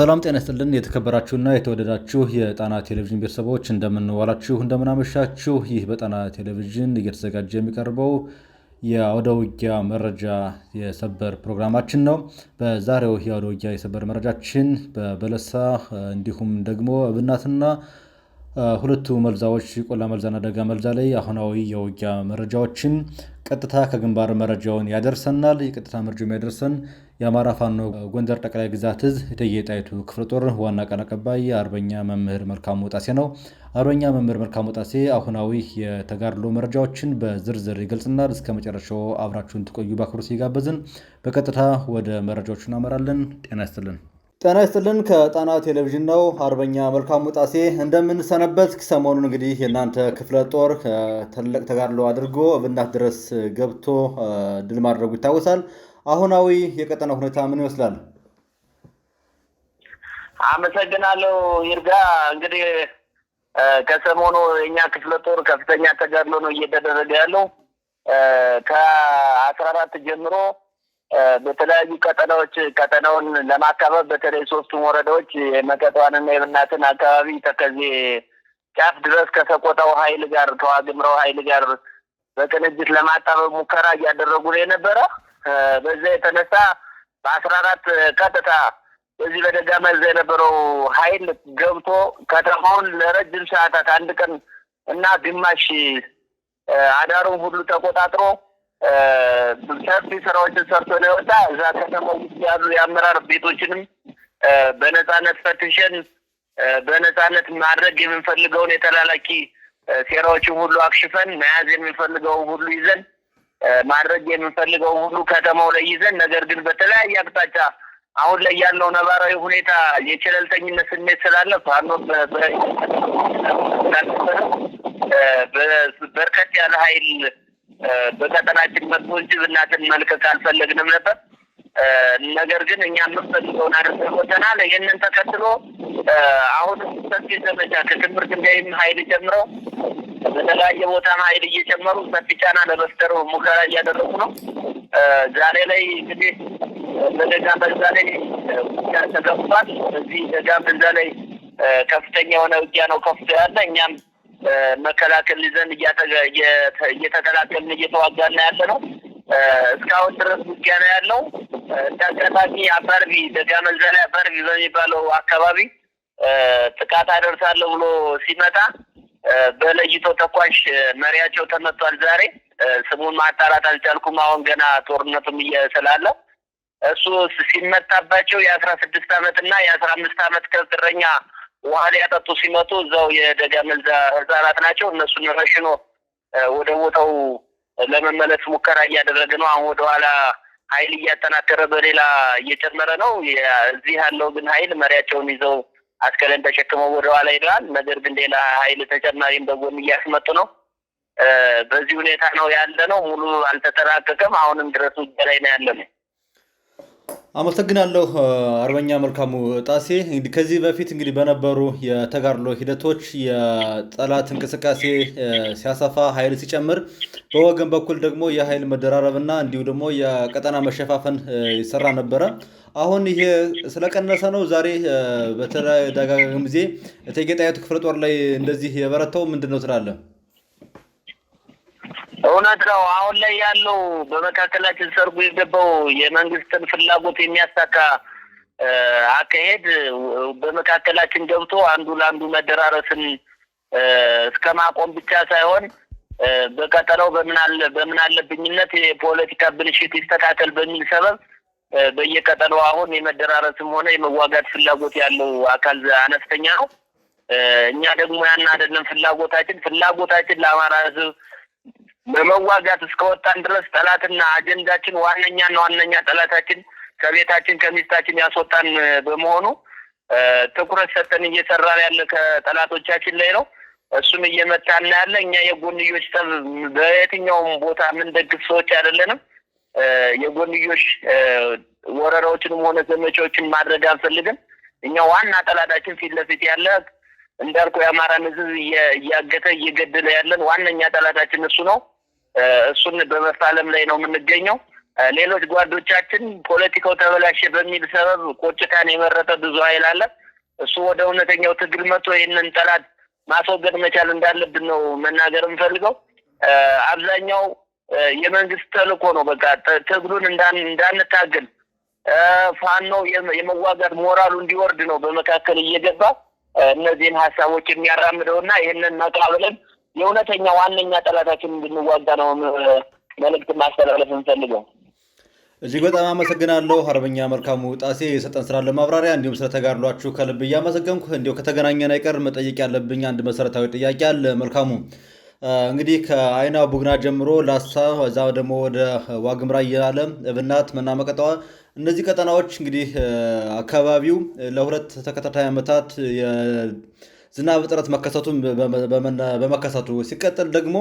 ሰላም ጤና ይስጥልን። የተከበራችሁና የተወደዳችሁ የጣና ቴሌቪዥን ቤተሰቦች እንደምንዋላችሁ፣ እንደምናመሻችሁ። ይህ በጣና ቴሌቪዥን እየተዘጋጀ የሚቀርበው የአውደ ውጊያ መረጃ የሰበር ፕሮግራማችን ነው። በዛሬው የአውደ ውጊያ የሰበር መረጃችን በበለሳ እንዲሁም ደግሞ እብናትና ሁለቱ መልዛዎች ቆላ መልዛና ደጋ መልዛ ላይ አሁናዊ የውጊያ መረጃዎችን ቀጥታ ከግንባር መረጃውን ያደርሰናል። የቀጥታ መረጃ የሚያደርሰን የአማራ ፋኖ ጎንደር ጠቅላይ ግዛት እዝ እቴጌ ጣይቱ ክፍለ ጦር ዋና ቃል አቀባይ አርበኛ መምህር መልካሙ ወጣሴ ነው። አርበኛ መምህር መልካሙ ወጣሴ አሁናዊ የተጋድሎ መረጃዎችን በዝርዝር ይገልጽናል። እስከ መጨረሻው አብራችሁን ትቆዩ በአክብሮት ሲጋበዝን፣ በቀጥታ ወደ መረጃዎቹ እናመራለን። ጤና ይስጥልን። ጤና ይስጥልን። ከጣና ቴሌቪዥን ነው። አርበኛ መልካሙ ጣሴ እንደምንሰነበት። ሰሞኑን እንግዲህ የእናንተ ክፍለ ጦር ትልቅ ተጋድሎ አድርጎ እብናት ድረስ ገብቶ ድል ማድረጉ ይታወሳል። አሁናዊ የቀጠና ሁኔታ ምን ይመስላል? አመሰግናለሁ ይርጋ። እንግዲህ ከሰሞኑ የእኛ ክፍለ ጦር ከፍተኛ ተጋድሎ ነው እየተደረገ ያለው ከአስራ አራት ጀምሮ በተለያዩ ቀጠናዎች ቀጠናውን ለማካበብ በተለይ ሶስቱን ወረዳዎች የመቀጠዋንና የብናትን አካባቢ ተከዜ ጫፍ ድረስ ከሰቆጣው ኃይል ጋር ከዋግምራው ኃይል ጋር በቅንጅት ለማጣበብ ሙከራ እያደረጉ ነው የነበረ። በዛ የተነሳ በአስራ አራት ቀጥታ በዚህ በደጋ መዘ የነበረው ኃይል ገብቶ ከተማውን ለረጅም ሰዓታት አንድ ቀን እና ግማሽ አዳሩን ሁሉ ተቆጣጥሮ ሰፊ ስራዎችን ሰርቶ ነው የወጣ። እዛ ከተማ ውስጥ ያሉ የአመራር ቤቶችንም በነፃነት ፈትሸን በነፃነት ማድረግ የምንፈልገውን የተላላኪ ሴራዎችን ሁሉ አክሽፈን መያዝ የምንፈልገውን ሁሉ ይዘን ማድረግ የምንፈልገው ሁሉ ከተማው ላይ ይዘን፣ ነገር ግን በተለያየ አቅጣጫ አሁን ላይ ያለው ነባራዊ ሁኔታ የቸለልተኝነት ስሜት ስላለ ፋኖ በርከት ያለ ኃይል በቀጠናችን መጥቶ እንጂ ብናትን መልክ ካልፈለግንም ነበር። ነገር ግን እኛ የምንፈልገውን አድርገን ወጥተናል። ይህንን ተከትሎ አሁን ሰፊ ዘመቻ ከትምህርት ላይም ኃይል ጨምረው በተለያየ ቦታ ኃይል እየጨመሩ ሰፊ ጫና ለመፍጠር ሙከራ እያደረጉ ነው። ዛሬ ላይ እንግዲህ በደጋ በዛ ላይ ተገፏል። እዚህ ደጋ በዛ ላይ ከፍተኛ የሆነ ውጊያ ነው ከፍቶ ያለ እኛም መከላከል ይዘን እየተከላከልን እየተዋጋና ያለ ነው። እስካሁን ድረስ ውጊያ ነው ያለው። እንዳጋጣሚ አባርቢ ደጋመልዛ ላይ አባርቢ በሚባለው አካባቢ ጥቃት አደርሳለሁ ብሎ ሲመጣ በለይቶ ተኳሽ መሪያቸው ተመቷል። ዛሬ ስሙን ማጣራት አልቻልኩም። አሁን ገና ጦርነቱም እየስላለ እሱ ሲመታባቸው የአስራ ስድስት አመት እና የአስራ አምስት አመት ከፍትረኛ ውሃ ሊያጠጡ ሲመጡ እዛው የደጋ መልዛ ህጻናት ናቸው። እነሱን ረሽኖ ወደ ቦታው ለመመለስ ሙከራ እያደረገ ነው። አሁን ወደኋላ ኃይል እያጠናከረ በሌላ እየጨመረ ነው። እዚህ ያለው ግን ኃይል መሪያቸውን ይዘው አስከሬን ተሸክመው ወደኋላ ሄደዋል። ነገር ግን ሌላ ኃይል ተጨማሪም በጎን እያስመጡ ነው። በዚህ ሁኔታ ነው ያለ ነው። ሙሉ አልተጠናቀቀም። አሁንም ድረስ ውጊያ ላይ ነው ያለ ነው። አመሰግናለሁ አርበኛ መልካሙ ጣሴ። እንግዲህ ከዚህ በፊት እንግዲህ በነበሩ የተጋድሎ ሂደቶች የጠላት እንቅስቃሴ ሲያሰፋ ኃይል ሲጨምር፣ በወገን በኩል ደግሞ የኃይል መደራረብና እንዲሁ ደግሞ የቀጠና መሸፋፈን ይሰራ ነበረ። አሁን ይሄ ስለቀነሰ ነው። ዛሬ በተደጋጋሚ ጊዜ እቴጌ ጣይቱ ክፍለ ጦር ላይ እንደዚህ የበረታው ምንድን ነው ትላለህ? እውነት ነው። አሁን ላይ ያለው በመካከላችን ሰርጎ የገባው የመንግስትን ፍላጎት የሚያሳካ አካሄድ በመካከላችን ገብቶ አንዱ ለአንዱ መደራረስን እስከ ማቆም ብቻ ሳይሆን በቀጠለው በምን አለብኝነት የፖለቲካ ብልሽት ይስተካከል በሚል ሰበብ በየቀጠለው አሁን የመደራረስም ሆነ የመዋጋት ፍላጎት ያለው አካል አነስተኛ ነው። እኛ ደግሞ ያን አይደለም ፍላጎታችን። ፍላጎታችን ለአማራ ህዝብ። በመዋጋት እስከወጣን ድረስ ጠላትና አጀንዳችን ዋነኛና ዋነኛ ጠላታችን ከቤታችን ከሚስታችን ያስወጣን በመሆኑ ትኩረት ሰጠን እየሰራ ያለ ከጠላቶቻችን ላይ ነው። እሱም እየመጣና ያለ እኛ የጎንዮሽ ጠብ በየትኛውም ቦታ የምንደግፍ ሰዎች አይደለንም። የጎንዮች ወረራዎችንም ሆነ ዘመቻዎችን ማድረግ አንፈልግም። እኛ ዋና ጠላታችን ፊት ለፊት ያለ እንዳልኩ የአማራን ህዝብ እያገተ እየገደለ ያለን ዋነኛ ጠላታችን እሱ ነው። እሱን በመፋለም ላይ ነው የምንገኘው። ሌሎች ጓዶቻችን ፖለቲካው ተበላሸ በሚል ሰበብ ቆጭታን የመረጠ ብዙ ኃይል አለ። እሱ ወደ እውነተኛው ትግል መጥቶ ይህንን ጠላት ማስወገድ መቻል እንዳለብን ነው መናገር የምፈልገው። አብዛኛው የመንግስት ተልእኮ ነው። በቃ ትግሉን እንዳንታገል ፋኖ የመዋጋት ሞራሉ እንዲወርድ ነው በመካከል እየገባ እነዚህን ሀሳቦች የሚያራምደውና ይህንን ነቃ የእውነተኛ ዋነኛ ጠላታችን እንድንዋጋ ነው መልእክት ማስተላለፍ እንፈልገው። እጅግ በጣም አመሰግናለሁ አርበኛ መልካሙ ጣሴ የሰጠን ስራ ለማብራሪያ እንዲሁም ስለተጋድሏችሁ ከልብ እያመሰገንኩ እንዲሁ ከተገናኘን አይቀር መጠየቅ ያለብኝ አንድ መሰረታዊ ጥያቄ አለ መልካሙ እንግዲህ ከአይና ቡግና ጀምሮ ላሳ እዛ ደግሞ ወደ ዋግምራ እየላለ እብናት መናመቀጠዋ እነዚህ ቀጠናዎች እንግዲህ አካባቢው ለሁለት ተከታታይ ዓመታት የዝናብ እጥረት መከሰቱን በመከሰቱ ሲቀጥል ደግሞ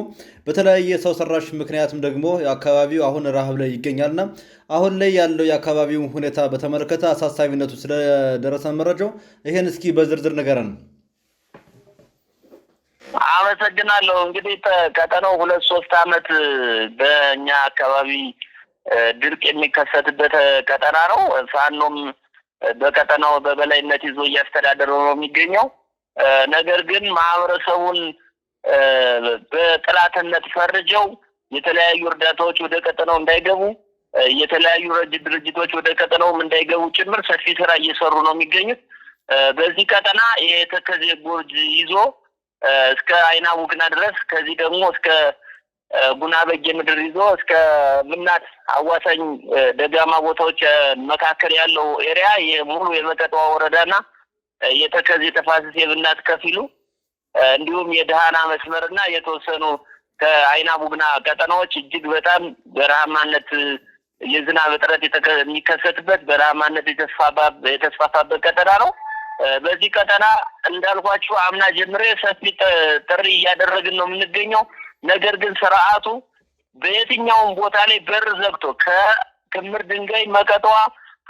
በተለያየ ሰው ሰራሽ ምክንያትም ደግሞ አካባቢው አሁን ረሃብ ላይ ይገኛልና አሁን ላይ ያለው የአካባቢው ሁኔታ በተመለከተ አሳሳቢነቱ ስለደረሰ መረጃው ይህን እስኪ በዝርዝር ንገረን። አመሰግናለሁ። እንግዲህ ቀጠናው ሁለት ሶስት አመት በእኛ አካባቢ ድርቅ የሚከሰትበት ቀጠና ነው። ፋኖም በቀጠናው በበላይነት ይዞ እያስተዳደረ ነው የሚገኘው። ነገር ግን ማህበረሰቡን በጥላትነት ፈርጀው የተለያዩ እርዳታዎች ወደ ቀጠናው እንዳይገቡ የተለያዩ ረጅት ድርጅቶች ወደ ቀጠናውም እንዳይገቡ ጭምር ሰፊ ስራ እየሰሩ ነው የሚገኙት። በዚህ ቀጠና የተከዜ ጎርጅ ይዞ እስከ አይና ቡግና ድረስ ከዚህ ደግሞ እስከ ጉና በጌ ምድር ይዞ እስከ ምናት አዋሳኝ ደጋማ ቦታዎች መካከል ያለው ኤሪያ ሙሉ የመቀጠዋ ወረዳና የተከዜ ተፋሰስ የምናት ከፊሉ እንዲሁም የድሃና መስመርና የተወሰኑ ከአይና ቡግና ቀጠናዎች እጅግ በጣም በረሃማነት የዝናብ እጥረት የሚከሰትበት በረሃማነት የተስፋፋበት ቀጠና ነው። በዚህ ቀጠና እንዳልኳችሁ አምና ጀምሬ ሰፊ ጥሪ እያደረግን ነው የምንገኘው። ነገር ግን ስርዓቱ በየትኛውም ቦታ ላይ በር ዘግቶ ከክምር ድንጋይ መቀጠዋ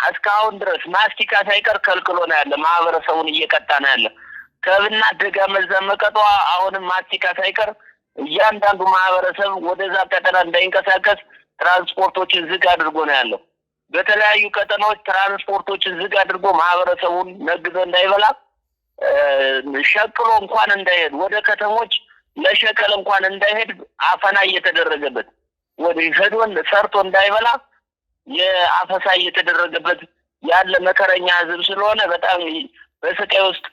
እስካሁን ድረስ ማስቲካ ሳይቀር ከልክሎ ነው ያለ። ማህበረሰቡን እየቀጣ ነው ያለ። ከብና ደጋ መዛን መቀጠዋ አሁንም ማስቲካ ሳይቀር እያንዳንዱ ማህበረሰብ ወደዛ ቀጠና እንዳይንቀሳቀስ ትራንስፖርቶችን ዝግ አድርጎ ነው ያለው። በተለያዩ ቀጠናዎች ትራንስፖርቶችን ዝግ አድርጎ ማህበረሰቡን ነግዘ እንዳይበላ ሸቅሎ እንኳን እንዳይሄድ ወደ ከተሞች ለሸቀል እንኳን እንዳይሄድ አፈና እየተደረገበት ወደ ሄዶን ሰርቶ እንዳይበላ የአፈሳ እየተደረገበት ያለ መከረኛ ህዝብ ስለሆነ በጣም በስቃይ ውስጥ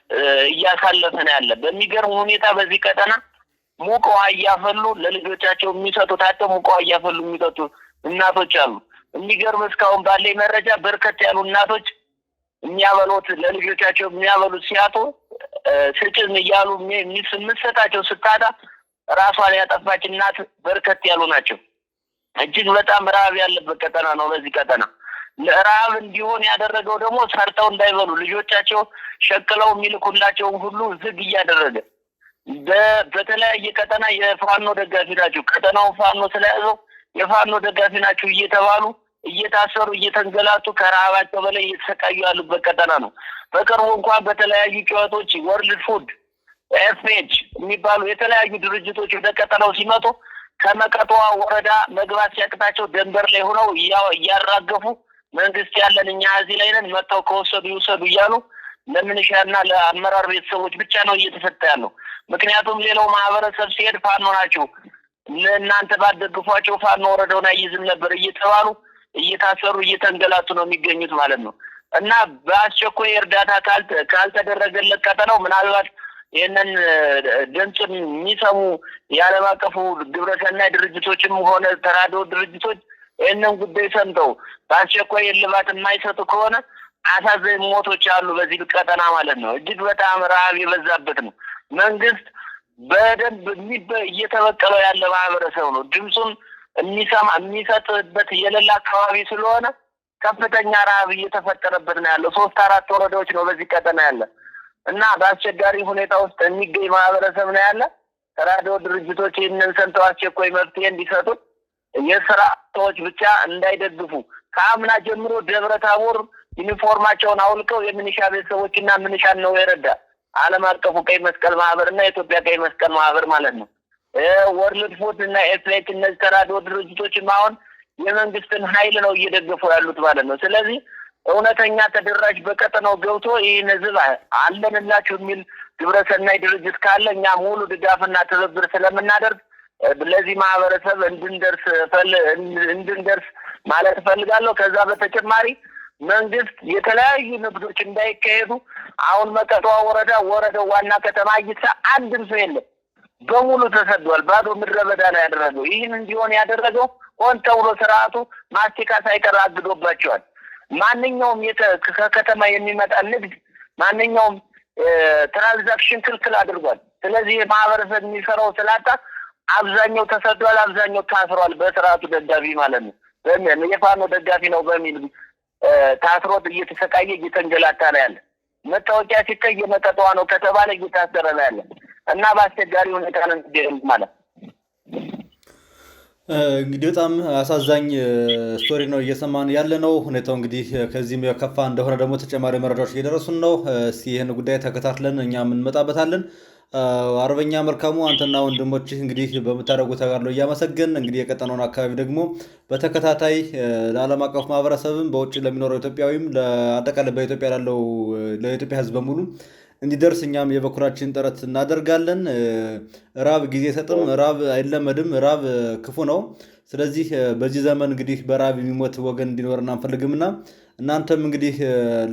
እያሳለፈ ነው ያለ። በሚገርም ሁኔታ በዚህ ቀጠና ሙቀዋ እያፈሉ ለልጆቻቸው የሚሰጡ ሙቅ ሙቀዋ እያፈሉ የሚሰጡ እናቶች አሉ። የሚገርም እስካሁን ባለ መረጃ በርከት ያሉ እናቶች የሚያበሉት ለልጆቻቸው የሚያበሉት ሲያጡ ስጭን እያሉ የምትሰጣቸው ስታጣ ራሷን ያጠፋች እናት በርከት ያሉ ናቸው። እጅግ በጣም ረሀብ ያለበት ቀጠና ነው። በዚህ ቀጠና ረሀብ እንዲሆን ያደረገው ደግሞ ሰርተው እንዳይበሉ ልጆቻቸው ሸቅለው የሚልኩላቸውን ሁሉ ዝግ እያደረገ በተለያየ ቀጠና የፋኖ ደጋፊ ናቸው፣ ቀጠናውን ፋኖ ስለያዘው የፋኖ ደጋፊ ናቸው እየተባሉ እየታሰሩ እየተንገላቱ ከረሃባቸው በላይ እየተሰቃዩ ያሉበት ቀጠና ነው። በቅርቡ እንኳን በተለያዩ ጨዋቶች ወርልድ ፉድ ኤፍኤች የሚባሉ የተለያዩ ድርጅቶች ወደ ቀጠናው ሲመጡ ከመቀጠዋ ወረዳ መግባት ሲያቅታቸው ደንበር ላይ ሆነው እያራገፉ መንግስት ያለን እኛ እዚህ ላይ ነን፣ መጥተው ከወሰዱ ይውሰዱ እያሉ ለምንሻና ለአመራር ቤተሰቦች ብቻ ነው እየተሰጠ ያለው። ምክንያቱም ሌላው ማህበረሰብ ሲሄድ ፋኖ ናቸው እናንተ ባደግፏቸው ፋኖ ወረዳውን አይይዝም ነበር እየተባሉ እየታሰሩ እየተንገላቱ ነው የሚገኙት ማለት ነው። እና በአስቸኳይ እርዳታ ካልተደረገለት ቀጠናው ምናልባት ይህንን ድምፅን የሚሰሙ የዓለም አቀፉ ግብረሰናይ ድርጅቶችም ሆነ ተራድኦ ድርጅቶች ይህንን ጉዳይ ሰምተው በአስቸኳይ እልባት የማይሰጡ ከሆነ አሳዛኝ ሞቶች አሉ በዚህ ቀጠና ማለት ነው። እጅግ በጣም ረሀብ የበዛበት ነው። መንግስት በደንብ እየተበቀለው ያለ ማህበረሰብ ነው ድምፁን የሚሰማ የሚሰጥበት የሌላ አካባቢ ስለሆነ ከፍተኛ ረሀብ እየተፈጠረበት ነው ያለው። ሶስት አራት ወረዳዎች ነው በዚህ ቀጠና ያለ እና በአስቸጋሪ ሁኔታ ውስጥ የሚገኝ ማህበረሰብ ነው ያለ። ተራድኦ ድርጅቶች ይህንን ሰምተው አስቸኳይ መፍትሄ እንዲሰጡት የስራ ሰዎች ብቻ እንዳይደግፉ ከአምና ጀምሮ ደብረ ታቦር ዩኒፎርማቸውን አውልቀው የምንሻ ቤተሰቦችና ምንሻን ነው የረዳ ዓለም አቀፉ ቀይ መስቀል ማህበር እና የኢትዮጵያ ቀይ መስቀል ማህበር ማለት ነው። ወርልድ ፉድ እና ኤፍኤክ እነዚህ ተራድኦ ድርጅቶችም አሁን የመንግስትን ኃይል ነው እየደገፉ ያሉት ማለት ነው። ስለዚህ እውነተኛ ተደራሽ በቀጠናው ገብቶ ይህን ህዝብ አለንላችሁ የሚል ግብረሰናይ ድርጅት ካለ እኛ ሙሉ ድጋፍና ትብብር ስለምናደርግ ለዚህ ማህበረሰብ እንድንደርስ እንድንደርስ ማለት እፈልጋለሁ። ከዛ በተጨማሪ መንግስት የተለያዩ ንግዶች እንዳይካሄዱ አሁን መቀጠዋ ወረዳ ወረደው ዋና ከተማ እይሳ አንድም ሰው የለም። በሙሉ ተሰዷል። ባዶ ምድረ በዳ ነው ያደረገው። ይህን እንዲሆን ያደረገው ሆን ተብሎ ስርዓቱ ማስቲካ ሳይቀር አግዶባቸዋል። ማንኛውም ከከተማ የሚመጣ ንግድ፣ ማንኛውም ትራንዛክሽን ክልክል አድርጓል። ስለዚህ የማህበረሰብ የሚሰራው ስላጣ አብዛኛው ተሰዷል፣ አብዛኛው ታስሯል። በስርዓቱ ደጋፊ ማለት ነው። የፋኖ ደጋፊ ነው በሚል ታስሮ እየተሰቃየ እየተንገላታ ነው ያለ። መታወቂያ ሲታይ የመጠጠዋ ነው ከተባለ እየታሰረ ነው ያለ። እና በአስቸጋሪ ሁኔታ ነው የሚገኙት ማለት እንግዲህ በጣም አሳዛኝ ስቶሪ ነው እየሰማን ያለ ነው። ሁኔታው እንግዲህ ከዚህም የከፋ እንደሆነ ደግሞ ተጨማሪ መረጃዎች እየደረሱን ነው። እስኪ ይህን ጉዳይ ተከታትለን እኛም እንመጣበታለን። አርበኛ መልካሙ አንተና ወንድሞችህ እንግዲህ በምታደረጉ ተጋድሎ እያመሰገን እንግዲህ የቀጠናውን አካባቢ ደግሞ በተከታታይ ለዓለም አቀፍ ማህበረሰብም በውጭ ለሚኖረው ኢትዮጵያዊም ለአጠቃላይ በኢትዮጵያ ላለው ለኢትዮጵያ ሕዝብ በሙሉ እንዲደርስ እኛም የበኩራችን ጥረት እናደርጋለን። ራብ ጊዜ ሰጥም ራብ አይለመድም፣ ራብ ክፉ ነው። ስለዚህ በዚህ ዘመን እንግዲህ በራብ የሚሞት ወገን እንዲኖር አንፈልግምና እናንተም እንግዲህ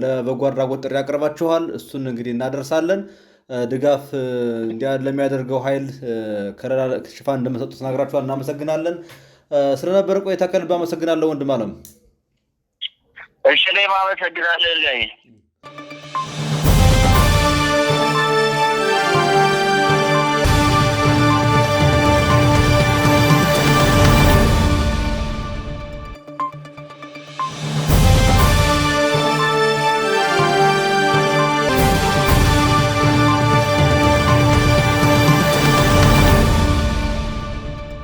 ለበጎ አድራጎት ጥሪ ያቀርባችኋል። እሱን እንግዲህ እናደርሳለን። ድጋፍ ለሚያደርገው ኃይል ከረራ ሽፋን እንደመሰጡ ተናግራችኋል። እናመሰግናለን። ስለነበረ ቆይታ ከልብ አመሰግናለሁ ወንድም አለም። እሺ እኔም አመሰግናለሁ።